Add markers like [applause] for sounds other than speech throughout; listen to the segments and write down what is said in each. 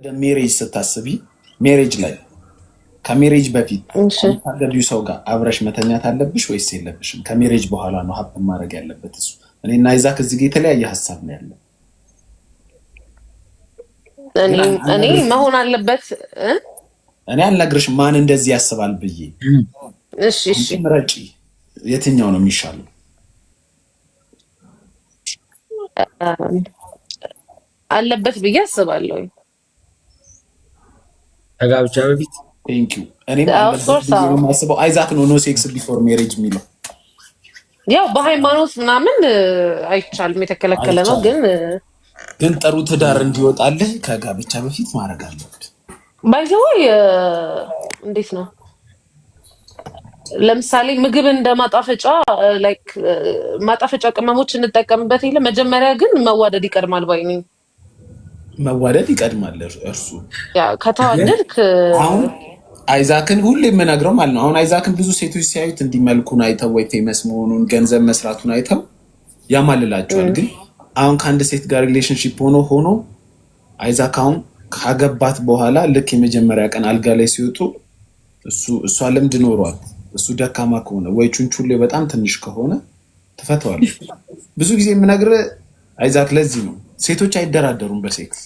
ወደ ሜሬጅ ስታስቢ ሜሬጅ ላይ ከሜሬጅ በፊት ከሚታገቢው ሰው ጋር አብረሽ መተኛት አለብሽ ወይስ የለብሽም? ከሜሬጅ በኋላ ነው ሀብት ማድረግ ያለበት እሱ። እኔ እና ይዛክ እዚህ የተለያየ ሀሳብ ነው ያለ። እኔ መሆን አለበት እኔ አልነግርሽ ማን እንደዚህ ያስባል ብዬ ምረጪ። የትኛው ነው የሚሻለው? አለበት ብዬ አስባለሁ። ከጋብቻ በፊት ማስበው አይዛክ ነው ኖ ሴክስ ቢፎር ሜሬጅ የሚለው ያው በሃይማኖት ምናምን አይቻልም፣ የተከለከለ ነው። ግን ግን ጥሩ ትዳር እንዲወጣልህ ከጋብቻ በፊት ማድረግ አለብህ። ባይዘወይ እንዴት ነው? ለምሳሌ ምግብ እንደ ማጣፈጫ ላይክ ማጣፈጫ ቅመሞች እንጠቀምበት የለ መጀመሪያ ግን መዋደድ ይቀድማል ባይ ነኝ። መዋደድ ይቀድማል። እርሱ ከተዋደድክ አሁን አይዛክን ሁሌ የምነግረው ማለት ነው። አሁን አይዛክን ብዙ ሴቶች ሲያዩት እንዲመልኩን አይተው ወይ ፌመስ መሆኑን ገንዘብ መስራቱን አይተው ያማልላቸዋል። ግን አሁን ከአንድ ሴት ጋር ሪሌሽንሽፕ ሆኖ ሆኖ አይዛክ አሁን ካገባት በኋላ ልክ የመጀመሪያ ቀን አልጋ ላይ ሲወጡ እሷ ልምድ ኖሯል። እሱ ደካማ ከሆነ ወይ ቹንቹሌ በጣም ትንሽ ከሆነ ትፈተዋል። ብዙ ጊዜ የምነግርህ አይዛክ ለዚህ ነው ሴቶች አይደራደሩም በሴክስ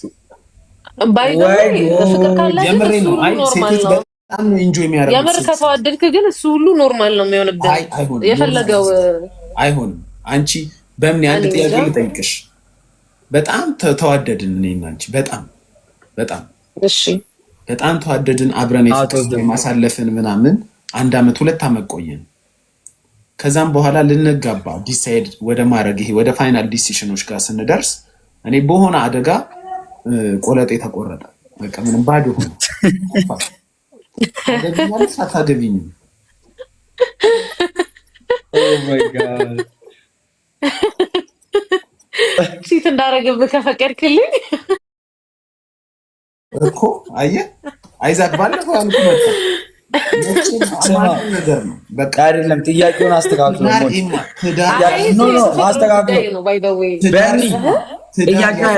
በጣም ኢንጆ የሚያደርጉት የምር ከተዋደድክ ግን እሱ ሁሉ ኖርማል ነው የሚሆንበት። የፈለገው አይሆንም። አንቺ በምን አንድ ጥያቄ ልጠይቅሽ። በጣም ተዋደድን እኔና አንቺ በጣም በጣም እሺ፣ በጣም ተዋደድን አብረን የማሳለፍን ምናምን አንድ አመት ሁለት አመት ቆየን። ከዛም በኋላ ልንጋባ ዲሳይድ ወደ ማድረግ ይሄ ወደ ፋይናል ዲሲሽኖች ጋር ስንደርስ እኔ በሆነ አደጋ ቆለጤ ተቆረጠ። በቃ ምንም ባዶ ሆነ። አታገቢኝም። ሴት እንዳረገብህ ከፈቀድክልኝ እኮ አየህ፣ አይዛክ ባለፈው ያልኩህ ነገር ነው። በቃ አይደለም፣ ጥያቄውን አስተካክሎ ነው። ጥያቄው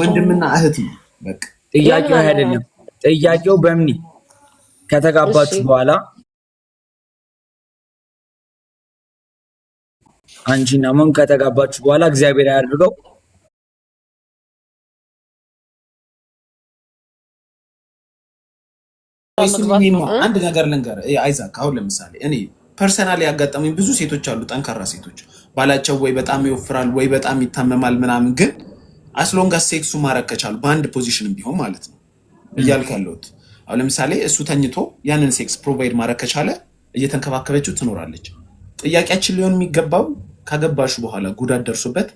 ወንድምና እህት ነው። በቃ ጥያቄው አይደለም። ጥያቄው በምን ከተጋባችሁ በኋላ አንቺና ከተጋባችሁ በኋላ እግዚአብሔር ያድርገው አንድ ነገር ልንገር፣ አይዛክ አሁን ለምሳሌ እኔ ፐርሰናል ያጋጠመኝ ብዙ ሴቶች አሉ፣ ጠንካራ ሴቶች ባላቸው ወይ በጣም ይወፍራል ወይ በጣም ይታመማል ምናምን፣ ግን አስሎንጋ ሴክሱ ማድረግ ከቻሉ በአንድ ፖዚሽን ቢሆን ማለት ነው እያልክ ያለሁት። አሁን ለምሳሌ እሱ ተኝቶ ያንን ሴክስ ፕሮቫይድ ማድረግ ከቻለ እየተንከባከበችው ትኖራለች። ጥያቄያችን ሊሆን የሚገባው ካገባሹ በኋላ ጉዳት ደርሶበት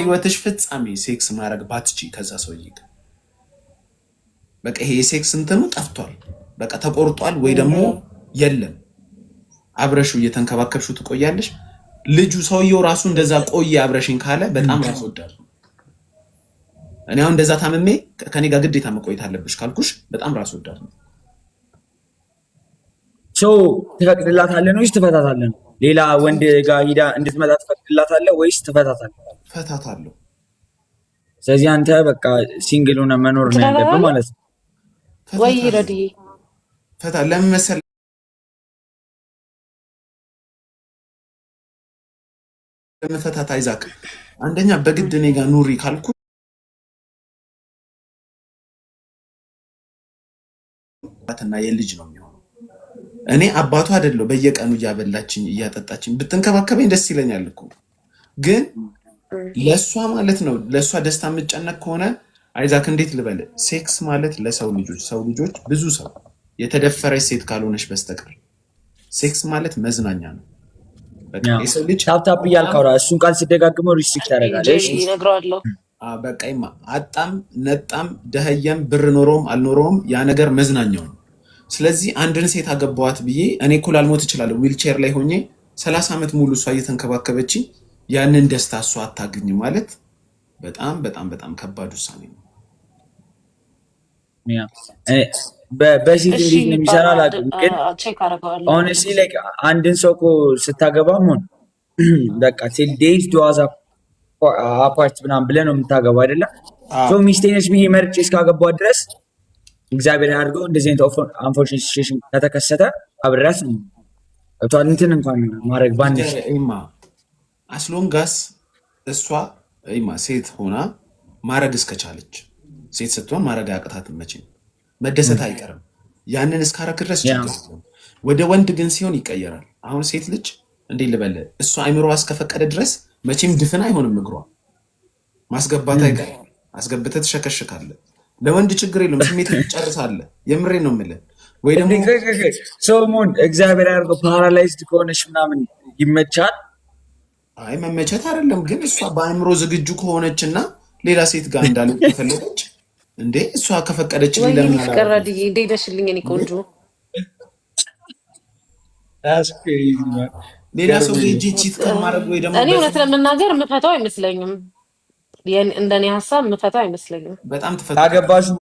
ህይወትሽ ፍጻሜ ሴክስ ማድረግ ባትቺ ከዛ ሰውዬ ጋር በቃ ይሄ የሴክስ እንትኑ ጠፍቷል፣ በቃ ተቆርጧል፣ ወይ ደግሞ የለም አብረሹ እየተንከባከብሹ ትቆያለሽ። ልጁ ሰውየው ራሱ እንደዛ ቆየ አብረሽኝ ካለ በጣም ራስ ወዳድ እኔ አሁን እንደዛ ታምሜ ከኔ ጋር ግዴታ መቆየት አለብሽ ካልኩሽ በጣም ራሱ ወዳድ ነው። ሰው ትፈቅድላታለህ ወይስ ትፈታታለህ ሌላ ወንድ ጋር ሂዳ እንድትመጣ ትፈቅድላታለህ ወይስ ትፈታታለህ? ፈታታለሁ። ስለዚህ አንተ በቃ ሲንግል ሆነ መኖር ነው ያለብህ ማለት ነው ወይ ረድዬ? ፈታ ለምን መሰለህ ለመፈታት አይዛክ አንደኛ በግድ እኔ ጋር ኑሪ ካልኩ እና የልጅ ነው የሚሆነው። እኔ አባቱ አይደለሁ። በየቀኑ እያበላችኝ እያጠጣችኝ ብትንከባከበኝ ደስ ይለኛል እኮ ግን ለእሷ ማለት ነው ለእሷ ደስታ የምጨነቅ ከሆነ አይዛክ እንዴት ልበል? ሴክስ ማለት ለሰው ልጆች ሰው ልጆች ብዙ ሰው የተደፈረች ሴት ካልሆነች በስተቀር ሴክስ ማለት መዝናኛ ነው። የሰው ልጅ ታፕታፕ እያልከው እሱን ቃል ሲደጋግመው ሪስትሪክት ያደርጋለህ ይነግረዋለሁ። በቃይማ አጣም ነጣም ደህያም ብር ኖሮም አልኖረውም ያ ነገር መዝናኛው ነው። ስለዚህ አንድን ሴት አገባዋት ብዬ እኔ እኮ ላልሞት እችላለሁ። ዊልቸር ላይ ሆኜ ሰላሳ ዓመት ሙሉ እሷ እየተንከባከበች ያንን ደስታ እሷ አታገኝ ማለት በጣም በጣም በጣም ከባድ ውሳኔ ነው። በዚህ እንዴት ነው የሚሰራ አላውቅም፣ ግን ሆነስሊ ላይክ አንድን ሰው እኮ ስታገባ ሆን [clears throat] በቃ ቴል ዴይዝ ዱዋዝ አፓርት ምናምን ብለህ ነው የምታገባው አይደለም። ሚስቴ ነች ብዬ መርጬ እስካገባሁ ድረስ እግዚአብሔር ያድርገው እንደዚህ አይነት አንፎርቹኔት ሲቹዌሽን ከተከሰተ አብሬያት ነው እንትን እንኳን ማድረግ ባንድ አስሎን ጋስ እሷ ማ ሴት ሆና ማረድ እስከቻለች ሴት ስትሆን ማረድ አያቅታትም መቼም መደሰት አይቀርም። ያንን እስካረክ ድረስ ችግር ወደ ወንድ ግን ሲሆን ይቀየራል። አሁን ሴት ልጅ እንዴ ልበል እሷ አይምሮ እስከፈቀደ ድረስ መቼም ድፍን አይሆንም። እግሯ ማስገባት አይቀርም። አስገብተ ትሸከሽካለ ለወንድ ችግር የለም። ስሜት ትጨርሳለህ። የምሬ ነው የምልህ። ወይ ደግሞ ሰሞን እግዚአብሔር ያደርገው ፓራላይዝድ ከሆነች ምናምን ይመቻል። አይ መመቸት አይደለም ግን እሷ በአእምሮ ዝግጁ ከሆነች እና ሌላ ሴት ጋር እንዳለ ከፈለገች እንዴ እሷ ከፈቀደች ሌላ ሰው ጂጂት ከማድረግ ወይ ደግሞ እኔ እውነት ለምናገር ምፈታው አይመስለኝም። እንደኔ ሀሳብ ምፈታው አይመስለኝም። በጣም ትፈታ